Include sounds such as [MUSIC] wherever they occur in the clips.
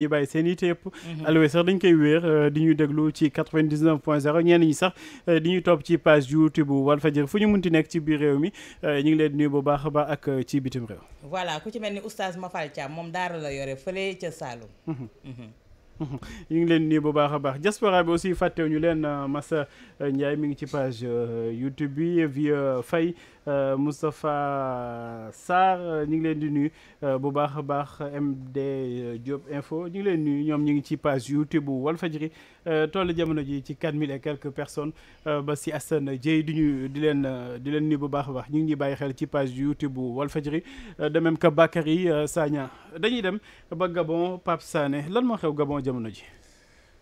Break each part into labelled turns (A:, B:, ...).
A: ñu bàyyi seen i tépp mhm. allo sax dañ koy wéer euh, di ñuy déglu ci 99 point 0 ñenn ñi sax euh, di ñuy topp ci page YouTube bu Walfadjri fu ñu munti nekk ci biir réew mi euh, ñu ngi leen nuyu bu baax a baax ak ci bitim réew.
B: voilà ku ci mel ni oustaz Mafal Thiam moom daara la yore fële ca
A: mhm. Mhm. ñu ngi leen nii bu baax a baax diaspora bi aussi fàttewu ñu leen Massa Ndiaye mi ngi ci page YouTube bi via Faye. Euh, Moustapha Sarr euh, ñu ngi leen di nuyu euh, bu baax a baax MD Diop info ñu ngi leen nuyu ñoom ñu ngi ci page YouTube bu Walfadjri tollu jamono ji ci 4000 et quelque personne ba si Assane Dieye di ñu di leen di leen nuy bu baax a baax ñu ngi ñuy bàyyi xel ci page YouTube bu Walfadjri de même que Bakary Sagna dañuy dem ba Gabon Pape Sané lan moo xew Gabon jamono ji.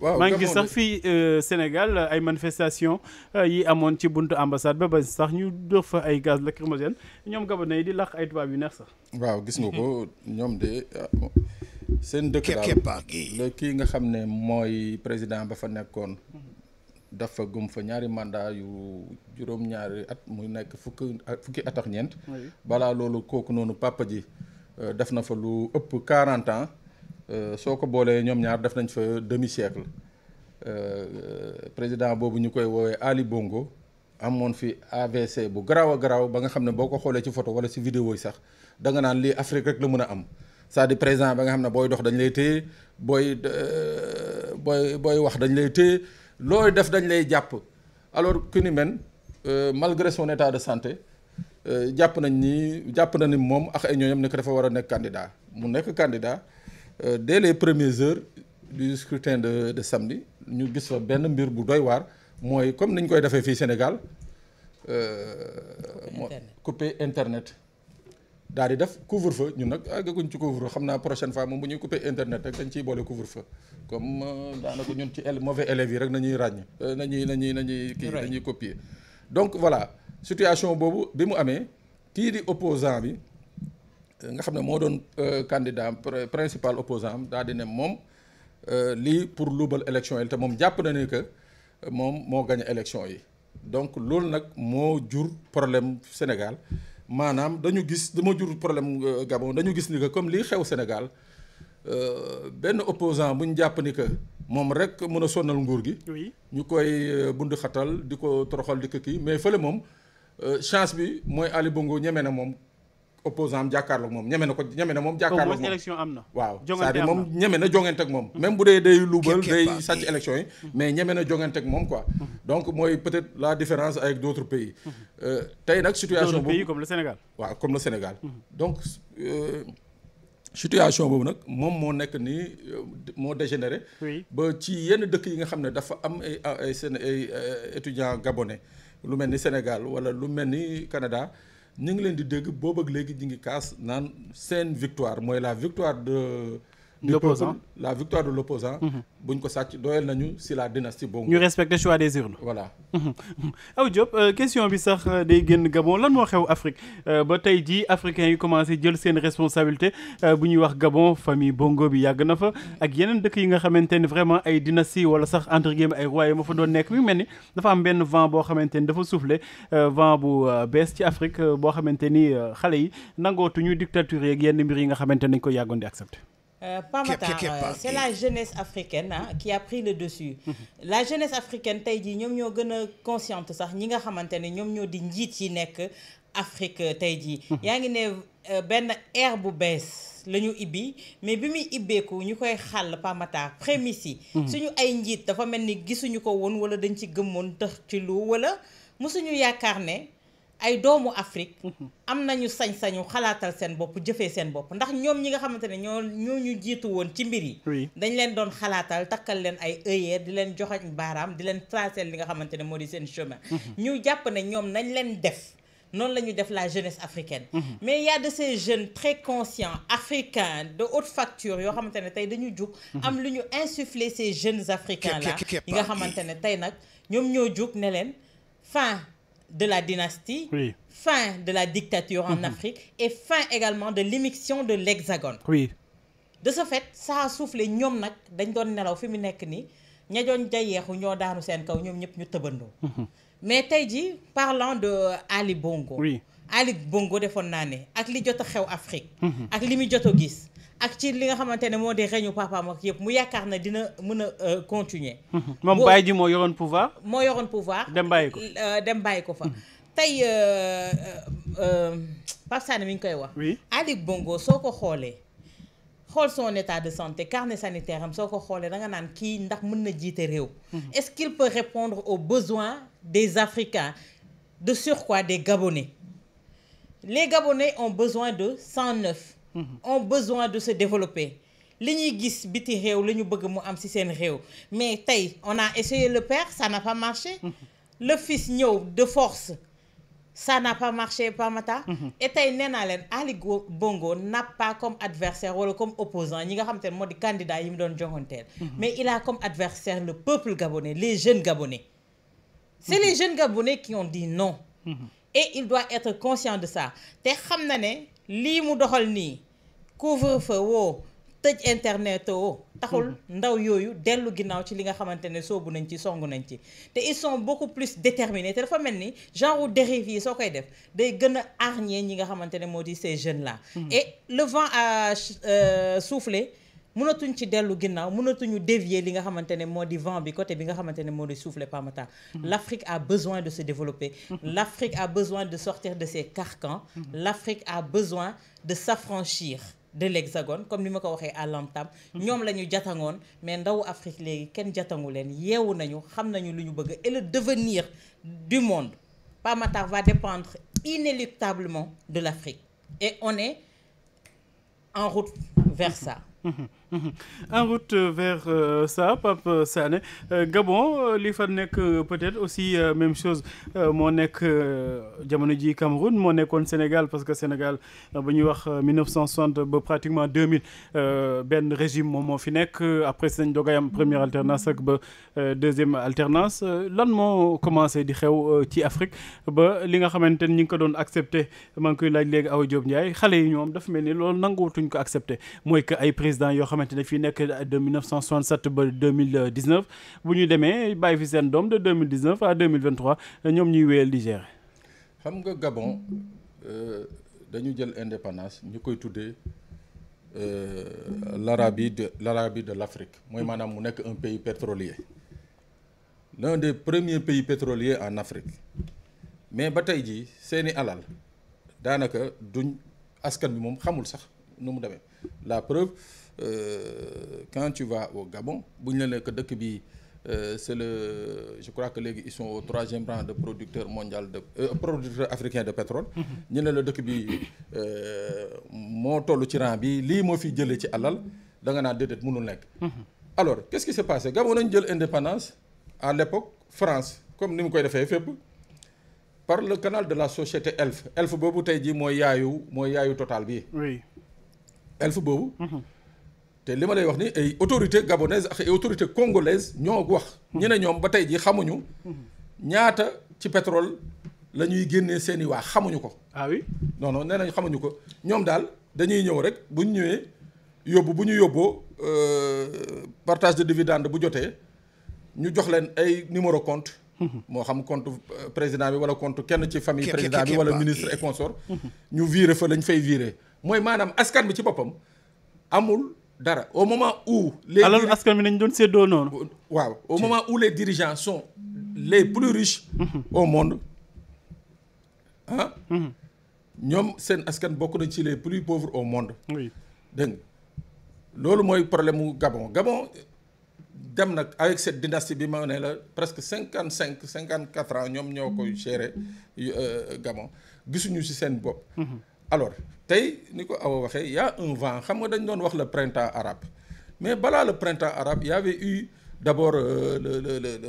A: waaw maa ngi gis sax fii euh, Sénégal euh, ay manifestation euh, yi amoon ci buntu ambassade ba ba sax ñu dóor fa ay gaz la lacrymogène ñoom gabonais yi di
C: làq ay tubaab yu neex sax. waaw gis nga ko [LAUGHS] ñoom de seen dëkk daal kii nga xam ne mooy président ba fa nekkoon. dafa gum fa ñaari mandat yu juróom-ñaari at muy nekk fukki fukki at ñeent. balaa loolu kooku noonu papa ji def na fa lu ëpp 40 ans. Euh, soo ko boolee ñoom ñaar def nañ fa demi siècle euh, président boobu ñu koy woowee Ali Bongo amoon fi AVC bu garaaw a garaaw ba nga xam ne boo ko xoolee ci photo wala ci video yi sax danga naan lii Afrique rek la mën a am cest à président ba nga xam ne booy dox dañ lay téye booy euh, booy booy wax dañ lay téye looy def dañ lay jàpp alors que ni men malgré son état de santé jàpp nañ ni jàpp na ni moom ak ay ñooñam ne ko dafa war a nekk candidat mu nekk candidat Euh, dès les premières heures du scrutin de de samedi ñu gis fa benn mbir bu doy waar mooy comme niñ koy defee fii Sénégal. Euh, moo coupé internet daal di def couvre feu ñun nag àggaguñ ci couvre xam naa prochaine fois moom bu ñuy coupé internet rek dañ ciy boole couvre feu comme euh, daanaka ñun ci mauvais élèves yi rek na ñuy ràññ nañuy nañuy nañuy kii nañuy copier donc voilà situation boobu bi mu amee kii di opposant bi nga xam ne moo doon euh, candidat principal opposant am daal di ne moom euh, lii pour luubal élection yi te moom jàpp na ni que euh, moom moo gañ élection yi donc loolu nag moo jur problème Sénégal maanaam dañu gis dama jur problème Gabon dañu gis ni que comme lii xew Sénégal benn opposant bu ñu jàpp ni que moom rek mën a sonnal nguur gi. ñu koy bund xatal di ko toroxal di ko kii mais fële moom chance bi mooy Ali Bongo ñeme na moom. opposant am jàkkaarloog moom ñeme na ko ñeme na moom jàkkaarloog moom
A: élection am na waaw cest à moom
C: ñeme na jongante ak moom même bu dee day luubal day sàcc élection yi mais ñeme na jongante ak moom quoi donc mooy peut-être la différence avec d'autres pays euh, tey nag situation boobu comme le Sénégal waaw comme le Sénégal euh, nag moom moo nekk nii euh, moo dégénéré ba ci yenn dëkk yi nga xam ne dafa am ay ay seen ay étudiants gabonais lu mel ni Sénégal wala lu mel ni Canada ñu ngi leen di dégg boobu ak léegi ñu ngi kaas naan seen victoire mooy la victoire de du peuple la victoire de l'opposant mhm. buñ ko sàcc doyal nañu si la dynastie Bongo. ñu
A: respecter choix des urnes. voilà. Mhm. [LAUGHS] aw Diop euh, question bi sax euh, day génn Gabon lan moo xew Afrique euh, ba tey jii africains yi commencé jël seen responsabilité bu ñuy wax Gabon famille Bongo bi yàgg na fa ak yeneen dëkk yi nga xamante ne vraiment ay dynastie wala sax entre guillemets ay rois ma fa doon nekk mi mel ni dafa am benn vent boo xamante ni dafa soufflé vent bu bees ci Afrique boo xamante ni xale yi nangootuñu dictature yeeg yenn mbir yi nga xamante nañ ko yàggoon di accepté.
B: Euh, Pamatar euh, c'est la jeunesse africaine ah qui pris le dessus mm [LAUGHS] la jeunesse africaine tey jii ñoom ñoo gën a consciente sax ñi nga xamante ne ñoom ñoo di njiit yi nekk Afrique euh, tey jii [LAUGHS] yaa ngi ne euh, benn air bu bees la ñu ibbi mais bi muy ibbeeku ñu koy xàll Pamatar prémices yi mm [LAUGHS] -hmm. suñu ay njiit dafa mel ni gisuñu ko woon wala dañ ci gëmoon tax ci lu wala mosuñu yaakaar ne ay doomu Afrique mhm. am nañu sañ-sañu xalaatal seen bopp jëfee seen bopp ndax ñoom ñi nga xamante ne ñoo ñoo ñu jiitu woon ci mbir yi dañ leen doon xalaatal takkal leen ay œillères di leen joxañ baaraam di leen tracer li nga xamante ne moo di seen chemin mhm. ñu jàpp ne ñoom nañ leen def noonu la ñu def la jeunesse africaine mhm. mais il y jeune de ces jeunes très conscients africains de haute facture yoo xamante ne tey dañu jug am lu ñu insuffler ces jeunes africains là yi nga xamante ne tey nag ñoom ñoo jug ne leen fin de la dynastie, oui. fin de la dictature en mmh. Afrique et fin également de l'émission de l'Hexagone. Oui. de ce fait saa suufle ñoom nag dañ doon nelaw fi mu nekk nii ña doon jayeexu ñoo daanu seen kaw ñoom ñëpp ñu tëbandoo. Mhm. mais tey ji parlant de Ali Bongo. oui Ali Bongo defoon naa ne ak li jot a xew Afrique. Mhm. ak li muy jot a gis. ak ci li nga xamante ne moo di reñu papaam mook yëpp mu yaakaar na dina mën a euh, continuer.
A: Mhm. moom bàyyi ji moo yoroon pouvoir.
B: moo yoroon pouvoir dem bàyyi ko euh, dem bàyyi ko fa. Mhm. tey euh, Pape Sané mi ngi koy wax. oui Ali Bongo soo ko xoolee. xool son état de santé carnet sanitaire am soo ko xoolee da nga naan kii ndax mën na jiite réew. Mhm. est-ce qu'il peut répondre au besoin des Africains de surcroît des Gabonais. les Gabonais on besoin de 109. Mm-hmm. ont besoin de se développer li ñuy gis biti réew la ñu bëgg mu am ci seen réew mais tey on a essayé le père ça n'a pas marché mm-hmm. le fils ñëw de force ça n'a pas marché Pamata mm-hmm. et tey nee naa leen Ali Bongo n'a pas comme adversaire wala comme opposant ñi nga xam te ne moo di candidat yi mu doon joxanteel mais il a comme adversaire le peuple gabonais les jeunes gabonais c'est les jeunes gabonais qui ont dit non et il doit être conscient de sa te xam na ne lii mu doxal couvre-feu oo tëj internet woo taxul mhm. ndaw yooyu dellu ginnaaw ci li nga xamante ne soobu nañ ci song nañ ci te ils sont beaucoup plus déterminés te dafa mel ni genre dérive yi soo koy def day gën a arñee ñi nga xamante ne moo di ces jeune là mhm. et le vent a euh, soufflé mënatuñ ci dellu ginnaaw mënatuñu dévier li nga xamante ne moo di vent bi côté bi nga xamante ne moo di soufflé pamata mhm. l'Afrique a besoin de se développer l'Afrique a besoin de sortir de ses carcans l'Afrique a besoin de s'affranchir de l'Hexagone comme ni ma ko waxee à l'entame ñoom la ñu jatangoon mais ndawu Afrique léegi kenn jatangu leen yeewu nañu xam nañu lu ñu bëgg et le devenir du monde Pape Matar va dépendre inéluctablement de l'Afrique et on en route vers ça
A: mm-hmm. Mhm. en route vers euh, ça Pape Sané euh, Gabon euh, li fa nekk peut-être aussi même chose moo nekk jamono ji Cameroun moo nekkoon Sénégal parce que Sénégal ba ñu wax 1960 ba pratiquement 2000 benn régime moom moo fi nekk après si nañ doog am première alternance ak ba deuxième alternance lan moo commencé di xew ci Afrique ba li nga xamante ni ñu ngi ko doon accepté maa ngi koy laaj léegi Awa Diop Ndiaye xale yi ñoom dafa mel ni loolu nanguwutuñ ko accepté mooy que ay président yoo xam xamante ne fii nekk de 1967 ba 2019 bu ñu demee bàyyi fi seen doom de 2019 à 2023 ñoom ñuy wéyal di gérer.
C: xam nga Gabon euh, dañu jël indépendance ñu koy tuddee euh, l'Arabie de l'Arabie de l'Afrique mooy maanaam mu nekk un pays pétrolier l'un des premier pays pétrolier en Afrique mais ba tey jii seeni alal daanaka duñ askan bi moom xamul sax nu mu demee la preuve Euh, quand tu va au Gabon bu ñu la nee dëkk bi euh, c'est le je crois que léegi ils sont au troisième rang de producteur mondial de euh, producteur africain de pétrole. Mm-hmm. ñu ne la dëkk bi euh, moo toll ci rang bi lii moo fi jëlee ci alal da nga naan déedéet nekk. Mm-hmm. alors qu'est-ce qui s'est Gabon nañu jël indépendance à l'époque France comme ni mu koy defee fépp. par le canal de la société Elf Elf boobu tey jii mooy yaayu mooy yaayu Total bi. Elf boobu. Mm-hmm. te li ma lay wax ni ay autorité gabonaise ak ay autorité congolaise ñoo wax hmm. ñu ne ñoom ba tey ji xamuñu ñaata ci pétrole lañuy génne génnee seen i waa xamuñu ko ah oui nee nañ xamuñu ko ñoom daal dañuy ñëw rek bu ñu ñëwee yóbbu bu ñu yóbboo euh, partage de dividende bu jotee ñu jox leen ay numéro compte hmm. moo xam compte euh, président bi wala compte kenn ci famille président bi wala ministre et consort hmm. ñu viré fa lañ fay viré mooy maanaam askan bi ci boppam amul dara au moment où. les alors askan bi nañ doon séddoo noonu. waaw au moment où les dirigeants sont les plus riches. Mhm. au monde ah. ñoom seen askan bokk nañ ci les plus pauvres au monde. oui loolu mooy problème mu Gabon Gabon dem nag avec cette dynastie bi ma ne la presque cinquante cinq cinquante quatre ans ñoom ñoo koy gérer euh, Gabon gisuñu ci seen bopp. Mhm. alors tey ni ko Awa waxee y' un vent xam nga dañu doon wax le printemps arabe mais balaa le printemps arabe y' avait eu d' abord euh, le le le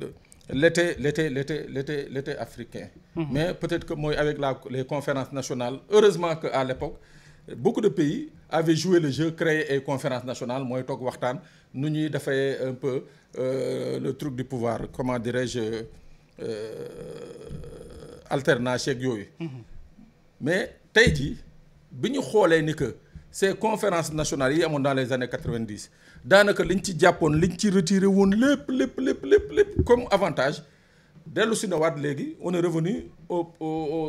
C: le l' été l' été l' été l' africain. Mhm. mais peut-être que mooy avec la les conférences nationales heureusement que à l' époque beaucoup de pays avaient joué le jeu créé ay conférences nationales mooy toog waxtaan nu ñuy defee un peu euh, le truc du pouvoir comment dirais-je euh, alternance yeeg yooyu. Mhm. mais tey jii bi ñu xoolee ni que ces conférences nationales yi amoon dans les années quatre-vingt-dix daanaka liñ ci jàppoon li ñu ci retiré woon lépp lépp lépp lépp lépp comme avantage dellu si na waat léegi on est revenu aux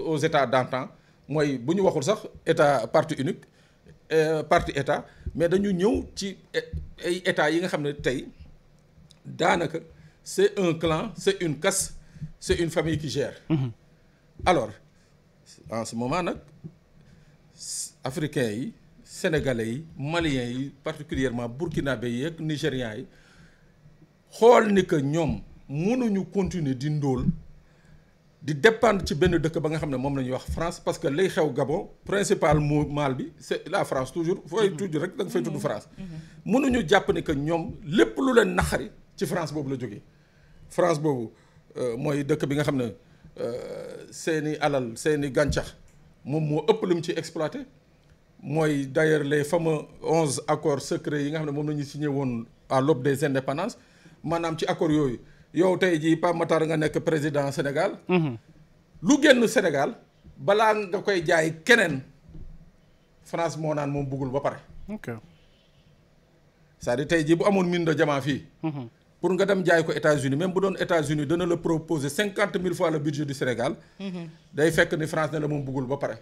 C: aux états d'antan mooy bu ñu waxul sax état parti unique euh, partie état mais dañu ñëw ci eh, ay états yi nga xam ne tey daanaka c'est un clan c'est une caste c'est une famille qui gère. Mm-hmm. alors en ce moment nag africains yi sénégalais yi maliens yi particulièrement burkinabé yi ak nigérians yi xool ni que ñoom mënuñu continuer di ndóol di dépendre ci benn dëkk ba nga xam ne moom la ñuy wax France parce que lay xew Gabon principal mal bi la France toujours fooy mm-hmm. tudd rek da nga fay mm-hmm. France mm-hmm. mënuñu jàpp ni que ñoom lépp lu leen naxari ci France boobu la jógee France boobu euh, mooy dëkk bi nga xam ne euh, seeni alal seeni gàncax moom moo ëpp lu mu ci exploité mooy d'ailleurs les fameux onze accords secrets yi nga xam ne moom la ñu signé woon à l'aube des maanaam ci accords yooyu yow tey jii Pape Matar nga nekk président Sénégal. Mhm. lu génn Sénégal balaa nga koy jaay keneen France moo naan moom bëggul ba pare. ok cest à tey jii bu amoon mine de diamant fii. Mhm. pour nga dem jaay ko États-Unis même bu doon États-Unis dana la proposer cinquante mille fois le budget du Sénégal. Mhm. day fekk ni France ne la moom bëggul ba pare.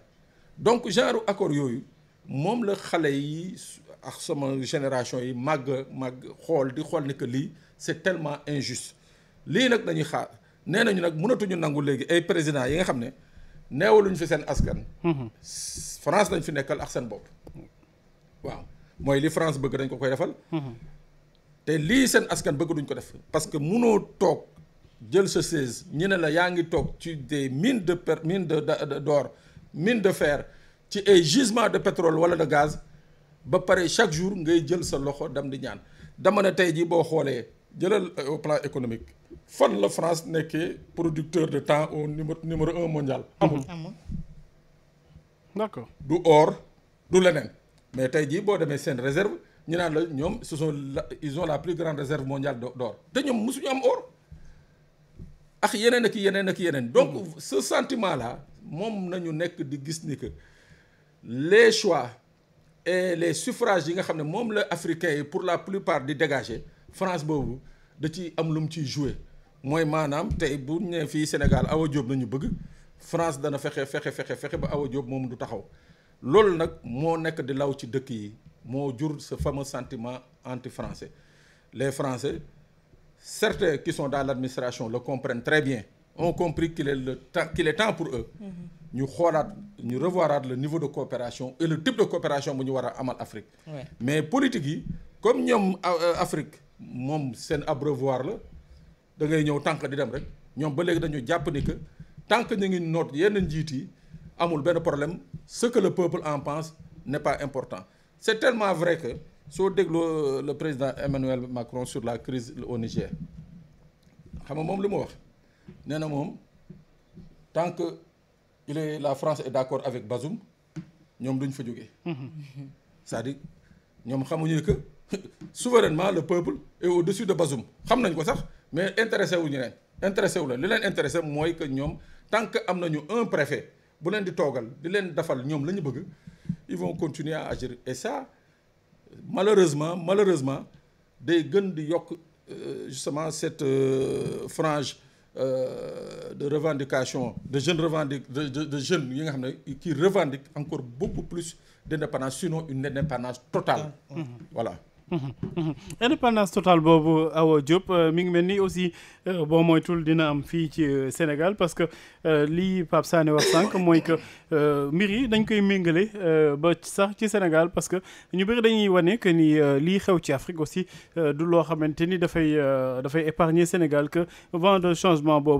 C: donc genre accord yooyu moom la xale yi ak sama génération yi màgg màgg xool di xool ni lii c'est tellement injuste lii nag dañuy xaar nee nañu nag mënatuñu nangu léegi ay président yi nga xam ne neewaluñ fi seen askan. Mhm. France lañ fi nekkal ak seen bopp. waaw mooy li France bëgg dañ ko koy defal. Mhm. te lii seen askan bëgg duñ ko def parce que munoo toog jël sa chaise ñu ne la yaa ngi toog ci des mines de per mine de d'or mine de fer ci ay gisement de pétrole wala de gaz ba pare chaque jour ngay jël sa loxo dem di ñaan dama ne tey jii boo xoolee jëlal euh, au plan économique fan la France nekkee producteur de temps au numéro numéro un mondial. amul amul. d'accord du or du leneen mais tey jii boo demee seen réserve. ñu naan la ñoom ce sont la ils ont la plus grande réserve mondiale d'or te ñoom mosuñu am or ak yeneen ak yeneen ak yeneen. donc mm-hmm. ce sentiment là moom nañu nekk di gis ni que les choix et les suffrages yi nga xam ne moom la africains yi pour la plupart di dégager France boobu da ci am lu mu ciy jouer mooy maanaam tey bu ñu nee fii Sénégal Awa Diop nañu bëgg France dana fexe fexe fexe fexe ba Awa Diop moom du taxaw loolu nag moo nekk di law ci dëkk yi. moo jur ce fameux sentiment anti-français les Français certains qui sont dans l'administration le comprennent très bien on compris qu'il est le temps pour eux ñu xoolaat ñu revoiraat le niveau de coopération et le type de coopération bu ñu war amal Afrique ouais. mais politique yi comme ñoom euh, Afrique moom seen abreuvoir la da ngay ñëw tànk di dem rek ñoom ba léegi dañu jàpp ni que tant que ñu ngi noot yenn njiit yi amul benn problème ce que le peuple en pense n'est pas important c' est tellement vrai que soo dégloo euh, le président Emmanuel Macron sur la crise au Niger xam moom lu mu wax nee na moom tant que il est la France et d' avec Bazoum ñoom duñ fa jógee. Mm-hmm. c'est-à-dire ñoom xamuñu que [LAUGHS] souverainement le peuple est au-dessus de Bazoum xam nañ ko sax mais intéressé wuñu leen intéressé wu leen li leen intéressé mooy que ñoom tant que am nañu un préfet bu leen di toogal di leen defal ñoom la ñu bëgg. ils vont continuer à agir et ça malheureusement malheureusement day gën di yokk euh, justement cette euh, frange euh, de revendication de jeunes revendique de, de, de jeunes yi nga xam ne qui revendiquent encore beaucoup plus d'indépendance sinon une indépendance totale mmh.
A: Mm-hmm. indépendance totale boobu Awa Diop euh, mi ngi mel ni aussi euh, boo moytul dina am fii ci euh, Sénégal parce que lii Pape Sané wax sànq mooy que mbir yi dañ koy méngale ba sax ci Sénégal parce que ñu bëri dañuy wane que ni lii xew ci Afrique aussi du loo xamante ni dafay dafay épargner Sénégal que vent de changement boobu.